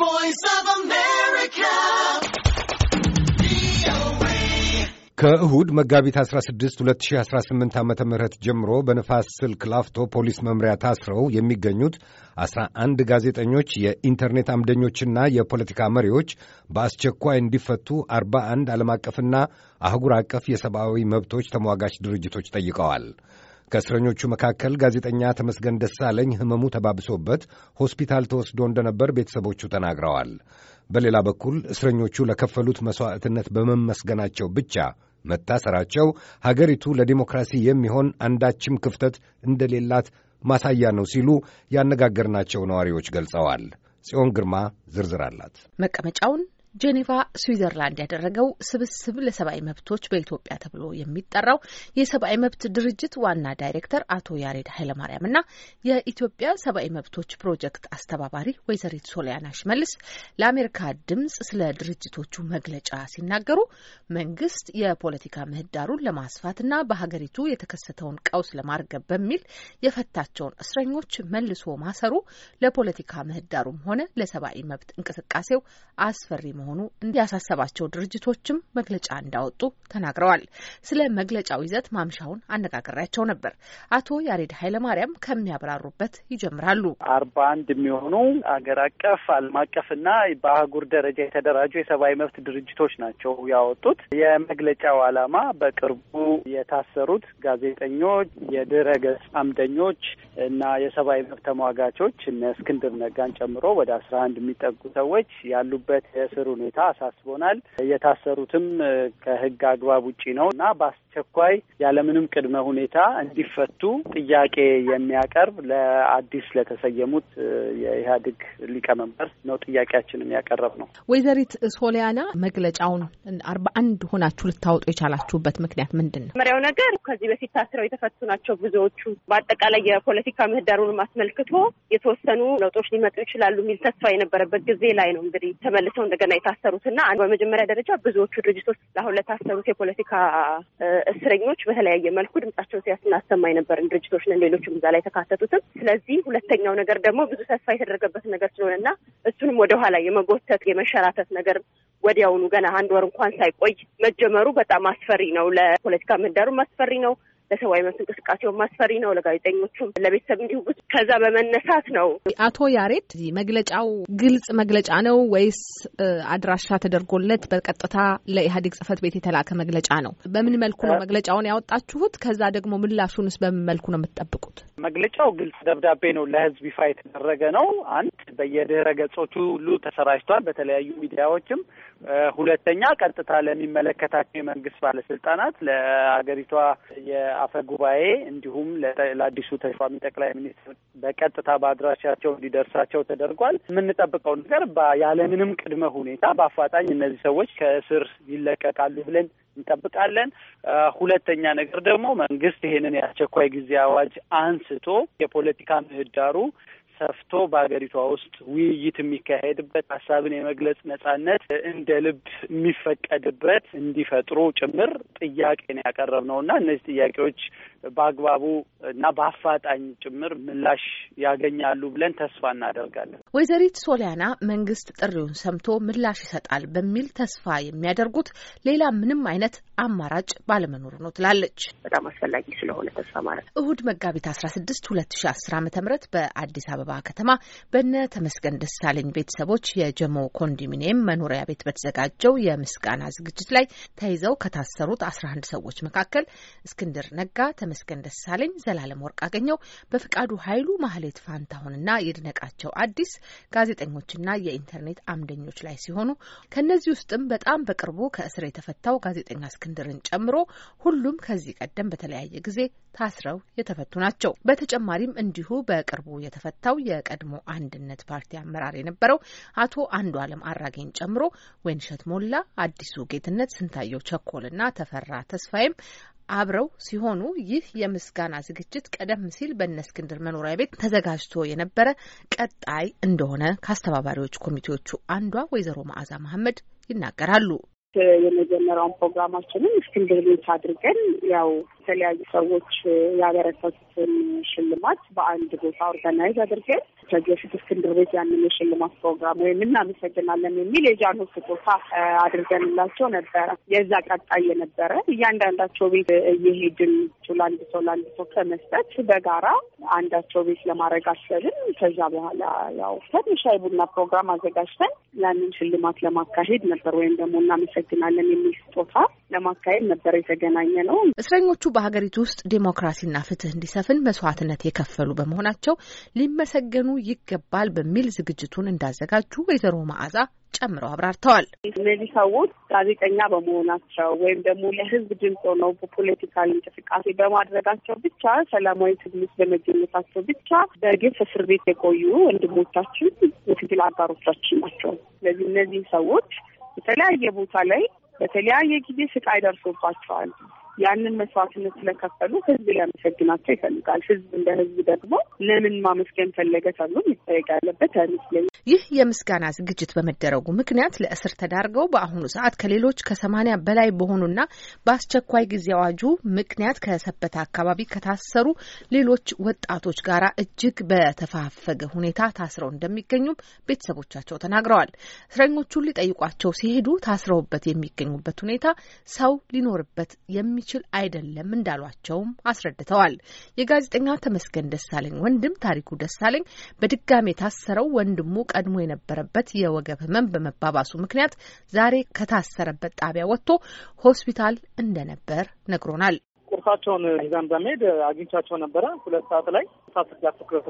voice ከእሁድ መጋቢት 16 2018 ዓ ም ጀምሮ በነፋስ ስልክ ላፍቶ ፖሊስ መምሪያ ታስረው የሚገኙት 11 ጋዜጠኞች፣ የኢንተርኔት አምደኞችና የፖለቲካ መሪዎች በአስቸኳይ እንዲፈቱ 41 ዓለም አቀፍና አህጉር አቀፍ የሰብአዊ መብቶች ተሟጋች ድርጅቶች ጠይቀዋል። ከእስረኞቹ መካከል ጋዜጠኛ ተመስገን ደሳለኝ ህመሙ ተባብሶበት ሆስፒታል ተወስዶ እንደነበር ቤተሰቦቹ ተናግረዋል። በሌላ በኩል እስረኞቹ ለከፈሉት መሥዋዕትነት በመመስገናቸው ብቻ መታሰራቸው ሀገሪቱ ለዲሞክራሲ የሚሆን አንዳችም ክፍተት እንደሌላት ማሳያ ነው ሲሉ ያነጋገርናቸው ነዋሪዎች ገልጸዋል። ጽዮን ግርማ ዝርዝር አላት። መቀመጫውን ጄኔቫ ስዊዘርላንድ ያደረገው ስብስብ ለሰብአዊ መብቶች በኢትዮጵያ ተብሎ የሚጠራው የሰብአዊ መብት ድርጅት ዋና ዳይሬክተር አቶ ያሬድ ኃይለማርያም እና የኢትዮጵያ ሰብአዊ መብቶች ፕሮጀክት አስተባባሪ ወይዘሪት ሶሊያና ሽመልስ ለአሜሪካ ድምጽ ስለ ድርጅቶቹ መግለጫ ሲናገሩ መንግስት የፖለቲካ ምህዳሩን ለማስፋትና በሀገሪቱ የተከሰተውን ቀውስ ለማርገብ በሚል የፈታቸውን እስረኞች መልሶ ማሰሩ ለፖለቲካ ምህዳሩም ሆነ ለሰብአዊ መብት እንቅስቃሴው አስፈሪ መሆኑ እንዲያሳሰባቸው ድርጅቶችም መግለጫ እንዳወጡ ተናግረዋል። ስለ መግለጫው ይዘት ማምሻውን አነጋግሬያቸው ነበር። አቶ ያሬድ ኃይለማርያም ከሚያብራሩበት ይጀምራሉ። አርባ አንድ የሚሆኑ አገር አቀፍ ዓለም አቀፍና በአህጉር ደረጃ የተደራጁ የሰብአዊ መብት ድርጅቶች ናቸው ያወጡት። የመግለጫው ዓላማ በቅርቡ የታሰሩት ጋዜጠኞች፣ የድረገጽ አምደኞች እና የሰብአዊ መብት ተሟጋቾች እነ እስክንድር ነጋን ጨምሮ ወደ አስራ አንድ የሚጠጉ ሰዎች ያሉበት የእስር ሁኔታ አሳስቦናል። የታሰሩትም ከህግ አግባብ ውጪ ነው እና በአስቸኳይ ያለምንም ቅድመ ሁኔታ እንዲፈቱ ጥያቄ የሚያቀርብ ለአዲስ ለተሰየሙት የኢህአዴግ ሊቀመንበር ነው ጥያቄያችንም ያቀረብ ነው። ወይዘሪት ሶሊያና መግለጫውን አርባ አንድ ሆናችሁ ልታወጡ የቻላችሁበት ምክንያት ምንድን ነው? መሪያው ነገር ከዚህ በፊት ታስረው የተፈቱ ናቸው ብዙዎቹ። በአጠቃላይ የፖለቲካ ምህዳሩን አስመልክቶ የተወሰኑ ለውጦች ሊመጡ ይችላሉ የሚል ተስፋ የነበረበት ጊዜ ላይ ነው እንግዲህ ተመልሰው እንደገና የታሰሩት በመጀመሪያ ደረጃ ብዙዎቹ ድርጅቶች ለአሁን ለታሰሩት የፖለቲካ እስረኞች በተለያየ መልኩ ድምጻቸውን ሲያሰማ የነበርን ድርጅቶች ነን፣ ሌሎችም እዛ ላይ ተካተቱትም። ስለዚህ ሁለተኛው ነገር ደግሞ ብዙ ተስፋ የተደረገበት ነገር ስለሆነ እና እሱንም ወደኋላ የመጎተት የመሸራተት ነገር ወዲያውኑ ገና አንድ ወር እንኳን ሳይቆይ መጀመሩ በጣም አስፈሪ ነው። ለፖለቲካ ምህዳሩም አስፈሪ ነው። ለሰብአዊ መብት እንቅስቃሴው ማስፈሪ ነው፣ ለጋዜጠኞቹም፣ ለቤተሰብ እንዲሁ። ከዛ በመነሳት ነው አቶ ያሬድ መግለጫው ግልጽ መግለጫ ነው ወይስ አድራሻ ተደርጎለት በቀጥታ ለኢህአዴግ ጽህፈት ቤት የተላከ መግለጫ ነው? በምን መልኩ ነው መግለጫውን ያወጣችሁት? ከዛ ደግሞ ምላሹንስ በምን መልኩ ነው የምትጠብቁት? መግለጫው ግልጽ ደብዳቤ ነው፣ ለህዝብ ይፋ የተደረገ ነው። አንድ በየድህረ ገጾቹ ሁሉ ተሰራጭቷል፣ በተለያዩ ሚዲያዎችም። ሁለተኛ ቀጥታ ለሚመለከታቸው የመንግስት ባለስልጣናት ለሀገሪቷ አፈ ጉባኤ እንዲሁም ለአዲሱ ተሿሚ ጠቅላይ ሚኒስትር በቀጥታ በአድራሻቸው እንዲደርሳቸው ተደርጓል። የምንጠብቀው ነገር ያለምንም ቅድመ ሁኔታ በአፋጣኝ እነዚህ ሰዎች ከእስር ይለቀቃሉ ብለን እንጠብቃለን። ሁለተኛ ነገር ደግሞ መንግስት ይሄንን የአስቸኳይ ጊዜ አዋጅ አንስቶ የፖለቲካ ምህዳሩ ሰፍቶ በሀገሪቷ ውስጥ ውይይት የሚካሄድበት ሀሳብን የመግለጽ ነጻነት እንደ ልብ የሚፈቀድበት እንዲፈጥሩ ጭምር ጥያቄ ነው ነው እና እነዚህ ጥያቄዎች በአግባቡ እና በአፋጣኝ ጭምር ምላሽ ያገኛሉ ብለን ተስፋ እናደርጋለን። ወይዘሪት ሶሊያና መንግስት ጥሪውን ሰምቶ ምላሽ ይሰጣል በሚል ተስፋ የሚያደርጉት ሌላ ምንም አይነት አማራጭ ባለመኖሩ ነው ትላለች። በጣም አስፈላጊ ስለሆነ ተስፋ ማለት ነው። እሁድ መጋቢት አስራ ስድስት ሁለት ሺ አስር አመተ ምህረት በአዲስ አበባ ከተማ በነ ተመስገን ደሳለኝ ቤተሰቦች የጀሞ ኮንዶሚኒየም መኖሪያ ቤት በተዘጋጀው የምስጋና ዝግጅት ላይ ተይዘው ከታሰሩት አስራ አንድ ሰዎች መካከል እስክንድር ነጋ፣ ተመስገን ደሳለኝ፣ ዘላለም ወርቅ አገኘው፣ በፍቃዱ ኃይሉ፣ ማህሌት ፋንታሁንና የድነቃቸው አዲስ ጋዜጠኞችና የኢንተርኔት አምደኞች ላይ ሲሆኑ ከእነዚህ ውስጥም በጣም በቅርቡ ከእስር የተፈታው ጋዜጠኛ እስክንድርን ጨምሮ ሁሉም ከዚህ ቀደም በተለያየ ጊዜ ታስረው የተፈቱ ናቸው። በተጨማሪም እንዲሁ በቅርቡ የተፈታው የቀድሞ አንድነት ፓርቲ አመራር የነበረው አቶ አንዱ አለም አራጌን ጨምሮ ወይንሸት ሞላ፣ አዲሱ ጌትነት፣ ስንታየው ቸኮልና ተፈራ ተስፋይም አብረው ሲሆኑ ይህ የምስጋና ዝግጅት ቀደም ሲል በእነ እስክንድር መኖሪያ ቤት ተዘጋጅቶ የነበረ ቀጣይ እንደሆነ ከአስተባባሪዎች ኮሚቴዎቹ አንዷ ወይዘሮ መዓዛ መሐመድ ይናገራሉ። የመጀመሪያውን ፕሮግራማችንን እስክንድር ቤት አድርገን ያው የተለያዩ ሰዎች ያበረከቱትን ሽልማት በአንድ ቦታ ኦርጋናይዝ አድርገን ከዚህ በፊት እስክንድር ቤት ያንን የሽልማት ፕሮግራም ወይም እናመሰግናለን የሚል የጃኖ ስጦታ አድርገንላቸው ነበረ። የዛ ቀጣይ የነበረ እያንዳንዳቸው ቤት እየሄድን ለአንድ ሰው ለአንድ ሰው ከመስጠት በጋራ አንዳቸው ቤት ለማድረግ አሰብን። ከዛ በኋላ ያው ሻይ ቡና ፕሮግራም አዘጋጅተን ያንን ሽልማት ለማካሄድ ነበር ወይም ደግሞ እናመሰግናለን የሚል ስጦታ ለማካሄድ ነበር የተገናኘ ነው። እስረኞቹ በሀገሪቱ ውስጥ ዴሞክራሲና ፍትህ እንዲሰፍን መስዋዕትነት የከፈሉ በመሆናቸው ሊመሰገኑ ይገባል በሚል ዝግጅቱን እንዳዘጋጁ ወይዘሮ መዓዛ ጨምረው አብራርተዋል። እነዚህ ሰዎች ጋዜጠኛ በመሆናቸው ወይም ደግሞ የህዝብ ድምፅ ሆነው ፖለቲካል እንቅስቃሴ በማድረጋቸው ብቻ ሰላማዊ ትግል ውስጥ በመገኘታቸው ብቻ በግፍ እስር ቤት የቆዩ ወንድሞቻችን የትግል አጋሮቻችን ናቸው። ስለዚህ እነዚህ ሰዎች የተለያየ ቦታ ላይ በተለያየ ጊዜ ስቃይ ደርሶባቸዋል። ያንን መስዋዕትነት ስለከፈሉ ህዝብ ሊያመሰግናቸው ይፈልጋል። ህዝብ እንደ ህዝብ ደግሞ ለምን ማመስገን ፈለገ ተብሎ የሚጠየቅ ያለበት አይመስለኝም። ይህ የምስጋና ዝግጅት በመደረጉ ምክንያት ለእስር ተዳርገው በአሁኑ ሰዓት ከሌሎች ከሰማኒያ በላይ በሆኑና በአስቸኳይ ጊዜ አዋጁ ምክንያት ከሰበታ አካባቢ ከታሰሩ ሌሎች ወጣቶች ጋር እጅግ በተፋፈገ ሁኔታ ታስረው እንደሚገኙም ቤተሰቦቻቸው ተናግረዋል። እስረኞቹን ሊጠይቋቸው ሲሄዱ ታስረውበት የሚገኙበት ሁኔታ ሰው ሊኖርበት የሚችል አይደለም እንዳሏቸውም አስረድተዋል። የጋዜጠኛ ተመስገን ደሳለኝ ወንድም ታሪኩ ደሳለኝ በድጋሚ የታሰረው ወንድሙ ቀድሞ የነበረበት የወገብ ህመም በመባባሱ ምክንያት ዛሬ ከታሰረበት ጣቢያ ወጥቶ ሆስፒታል እንደነበር ነግሮናል። ቁርሳቸውን ይዛን በመሄድ አግኝቻቸው ነበረ። ሁለት ሰዓት ላይ ሳት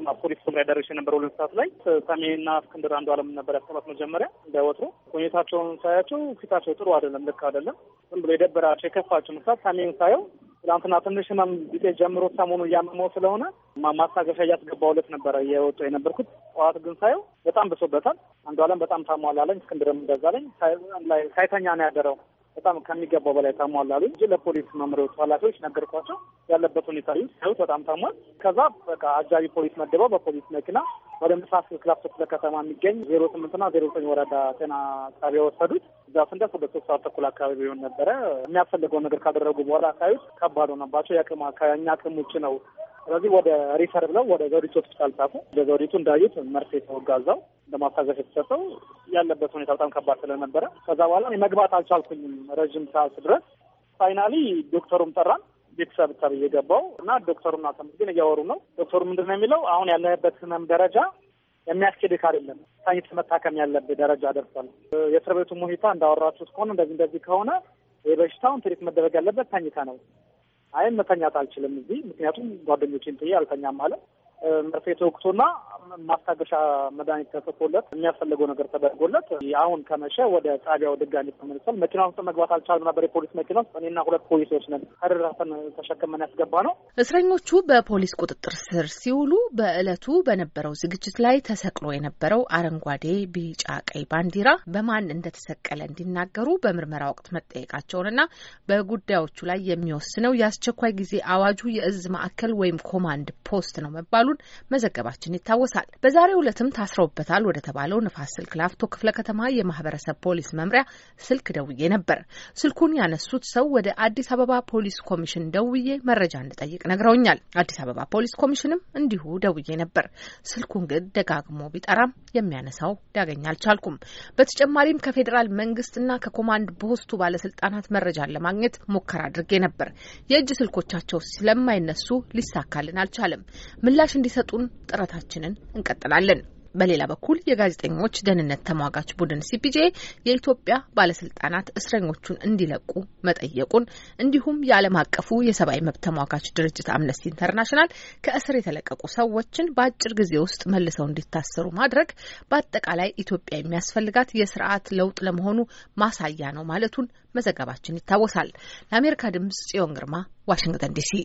ና ፖሊስ ትግራይ ደርሼ ነበር። ሁለት ሰዓት ላይ ሰሜንና እስክንድር አንዱ አለም ነበር ያሰባት መጀመሪያ እንደወትሮ ሁኔታቸውን ሳያቸው ፊታቸው ጥሩ አይደለም፣ ልክ አይደለም። ዝም ብሎ የደበራቸው የከፋቸው ምሳት ሰሜን ሳየው ትናንትና ትንሽ ህመም ቢጤ ጀምሮ ሰሞኑ እያመመው ስለሆነ ማስታገሻ እያስገባሁለት ነበረ የወጡ የነበርኩት። ጠዋት ግን ሳየው በጣም ብሶበታል። አንዷለም በጣም ታሟላለኝ፣ እስክንድርም እንደዛለኝ። ሳይተኛ ነው ያደረው በጣም ከሚገባው በላይ ታሟል አሉ እ ለፖሊስ መምሪያዎቹ ኃላፊዎች ነገርኳቸው። ያለበት ሁኔታ ሲያዩት በጣም ታሟል። ከዛ በቃ አጃቢ ፖሊስ መደበው በፖሊስ መኪና ወደ ምሳስ ክላፍቶ ክፍለ ከተማ የሚገኝ ዜሮ ስምንት ና ዜሮ ዘጠኝ ወረዳ ጤና ጣቢያ ወሰዱት። እዛ ስንደርስ ወደ ሶስት ሰዓት ተኩል አካባቢ ቢሆን ነበረ። የሚያስፈልገውን ነገር ካደረጉ በኋላ ሳዩት ከባድ ሆነባቸው። የአቅም ከእኛ አቅም ውጭ ነው ስለዚህ ወደ ሪፈር ብለው ወደ ዘውዲቱ ሆስፒታል ጻፉ። በዘውዲቱ እንዳዩት መርፌ የተወጋ እዛው የተሰጠው ያለበት ሁኔታ በጣም ከባድ ስለነበረ ከዛ በኋላ መግባት አልቻልኩኝም ረዥም ሰዓት ድረስ። ፋይናሊ ዶክተሩም ጠራን ቤተሰብ ተብ እየገባው እና ዶክተሩና ተምት ግን እያወሩ ነው። ዶክተሩ ምንድን ነው የሚለው አሁን ያለህበት ህመም ደረጃ የሚያስኬድ ካር የለም ሳይንስ መታከም ያለብህ ደረጃ ደርሷል። የእስር ቤቱ ሁኔታ እንዳወራችሁት ከሆነ እንደዚህ እንደዚህ ከሆነ የበሽታውን ትሪት መደረግ ያለበት ተኝተ ነው አይ መተኛት አልችልም እዚህ ምክንያቱም ጓደኞቼን ጥዬ አልተኛም አለ። መርፌ ተወቅቶና ማስታገሻ መድኃኒት ተጽፎለት የሚያስፈልገው ነገር ተደርጎለት አሁን ከመሸ ወደ ጣቢያው ድጋሚ ተመልሷል። መኪና ውስጥ መግባት አልቻልም ነበር። የፖሊስ መኪና ውስጥ እኔና ሁለት ፖሊሶች ነን ተደራርበን ተሸክመን ያስገባ ነው። እስረኞቹ በፖሊስ ቁጥጥር ስር ሲውሉ በእለቱ በነበረው ዝግጅት ላይ ተሰቅሎ የነበረው አረንጓዴ፣ ቢጫ፣ ቀይ ባንዲራ በማን እንደተሰቀለ እንዲናገሩ በምርመራ ወቅት መጠየቃቸውንና በጉዳዮቹ ላይ የሚወስነው የአስቸኳይ ጊዜ አዋጁ የእዝ ማዕከል ወይም ኮማንድ ፖስት ነው መባሉን መዘገባችን ይታወሳል። ይጠቀሳል። በዛሬው ዕለትም ታስረውበታል ወደ ተባለው ንፋስ ስልክ ላፍቶ ክፍለ ከተማ የማህበረሰብ ፖሊስ መምሪያ ስልክ ደውዬ ነበር። ስልኩን ያነሱት ሰው ወደ አዲስ አበባ ፖሊስ ኮሚሽን ደውዬ መረጃ እንድጠይቅ ነግረውኛል። አዲስ አበባ ፖሊስ ኮሚሽንም እንዲሁ ደውዬ ነበር። ስልኩን ግን ደጋግሞ ቢጠራም የሚያነሳው ሊያገኝ አልቻልኩም። በተጨማሪም ከፌዴራል መንግስትና ከኮማንድ ፖስቱ ባለስልጣናት መረጃን ለማግኘት ሙከራ አድርጌ ነበር። የእጅ ስልኮቻቸው ስለማይነሱ ሊሳካልን አልቻለም። ምላሽ እንዲሰጡን ጥረታችንን እንቀጥላለን። በሌላ በኩል የጋዜጠኞች ደህንነት ተሟጋች ቡድን ሲፒጄ የኢትዮጵያ ባለስልጣናት እስረኞቹን እንዲለቁ መጠየቁን እንዲሁም የዓለም አቀፉ የሰብአዊ መብት ተሟጋች ድርጅት አምነስቲ ኢንተርናሽናል ከእስር የተለቀቁ ሰዎችን በአጭር ጊዜ ውስጥ መልሰው እንዲታሰሩ ማድረግ በአጠቃላይ ኢትዮጵያ የሚያስፈልጋት የስርዓት ለውጥ ለመሆኑ ማሳያ ነው ማለቱን መዘገባችን ይታወሳል። ለአሜሪካ ድምጽ ጽዮን ግርማ ዋሽንግተን ዲሲ